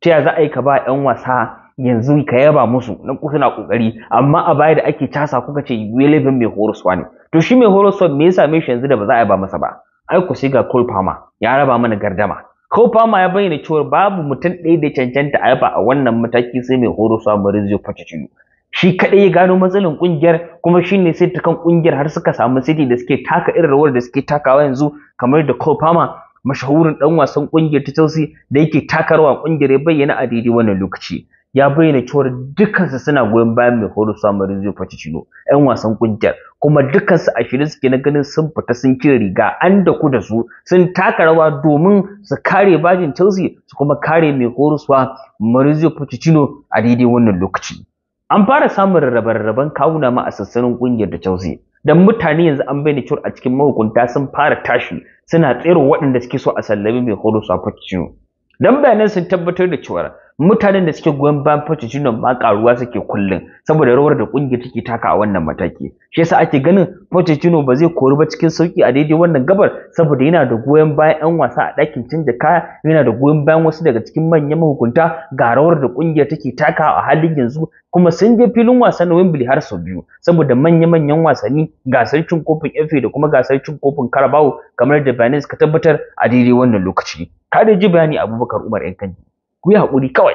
ta za a yi ka ba 'yan wasa yanzu ka yaba musu na suna ƙoƙari amma a baya da ake casa kuka ce Willian mai horoswa ne to shi mai horoswa me yasa me shi yanzu da ba za a yi ba masa ba ai ku sai ga Cole Palmer ya raba mana gardama Cole Palmer ya bayyana cewa babu mutum ɗaya da cancanta a yaba a wannan mataki sai mai horoswa Maurizio Pochettino shi kadai ya gano matsalan ƙungiyar, kuma shine sai ta kan kungiyar har suka samu City da suke taka irin rawar da suke takawa yanzu kamar da Cole Palmer mashahurin dan wasan ƙungiyar ta Chelsea da yake taka takarwa ƙungiyar ya bayyana a daidai wannan lokaci ya bayyana cewa dukkansu suna goyon bayan mai horo sa Maurizio Pochettino yan wasan kungiyar kuma dukkansu a filin suke na ganin sun fita sun kira riga an da ku da su sun taka rawa domin su kare bajin Chelsea su kuma kare mai horo sa Maurizio Pochettino a daidai wannan lokaci an fara samun rarrabe-rarraben kawuna ma a sassanin kungiyar da Chelsea don mutane yanzu an bai cewa a cikin mahukunta sun fara tashi suna tsere waɗanda suke so a sallami mai horo Pochettino don bayanan sun tabbatar da cewa mutanen da suke goyon bayan Pochettino ba karuwa suke kullum saboda rawar da kungiyar take taka a wannan mataki shi yasa ake ganin Pochettino ba zai kori ba cikin sauki a daidai wannan gabar saboda yana da goyon bayan yan wasa a ɗakin canja kaya yana da goyon bayan wasu daga cikin manyan mahukunta ga rawar da kungiyar take taka a halin yanzu kuma sun je filin wasa na Wembley har sau biyu saboda manya-manyan wasanni gasar cin kofin FA da kuma gasar cin kofin Carabao kamar da Binance ka tabbatar a daidai wannan lokaci ka da ji bayani Abubakar Umar kanji. ku yi haƙuri kawai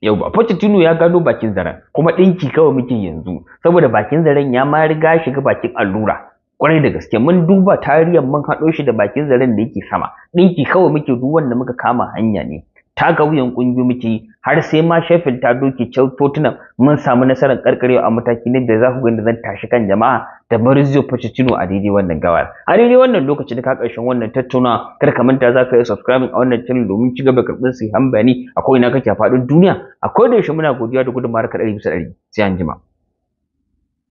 yau ba Pochettino ya gano bakin zaren kuma ɗinki kawai muke yanzu saboda bakin zaren ya ma riga shiga bakin allura kwarai da gaske mun duba tarihin mun haɗo shi da bakin zaren da yake sama ɗinki kawai muke duk wanda muka kama hanya ne taka wuyan ƙungiyo muke har sai ma shafin ta doke Tottenham mun samu nasarar karkarewa a mataki na da za ku gani zan tashi kan jama'a da Maurizio Pochettino a daidai wannan gawar. A daidai wannan lokacin da ka karshen wannan tattauna kar ka manta za ka yi subscribing a wannan channel domin ci gaba karɓar sai hambani a ko ina kake a fadin duniya. A da yaushe muna godiya da gudunmawar ka ɗari bisa ɗari. Sai an jima.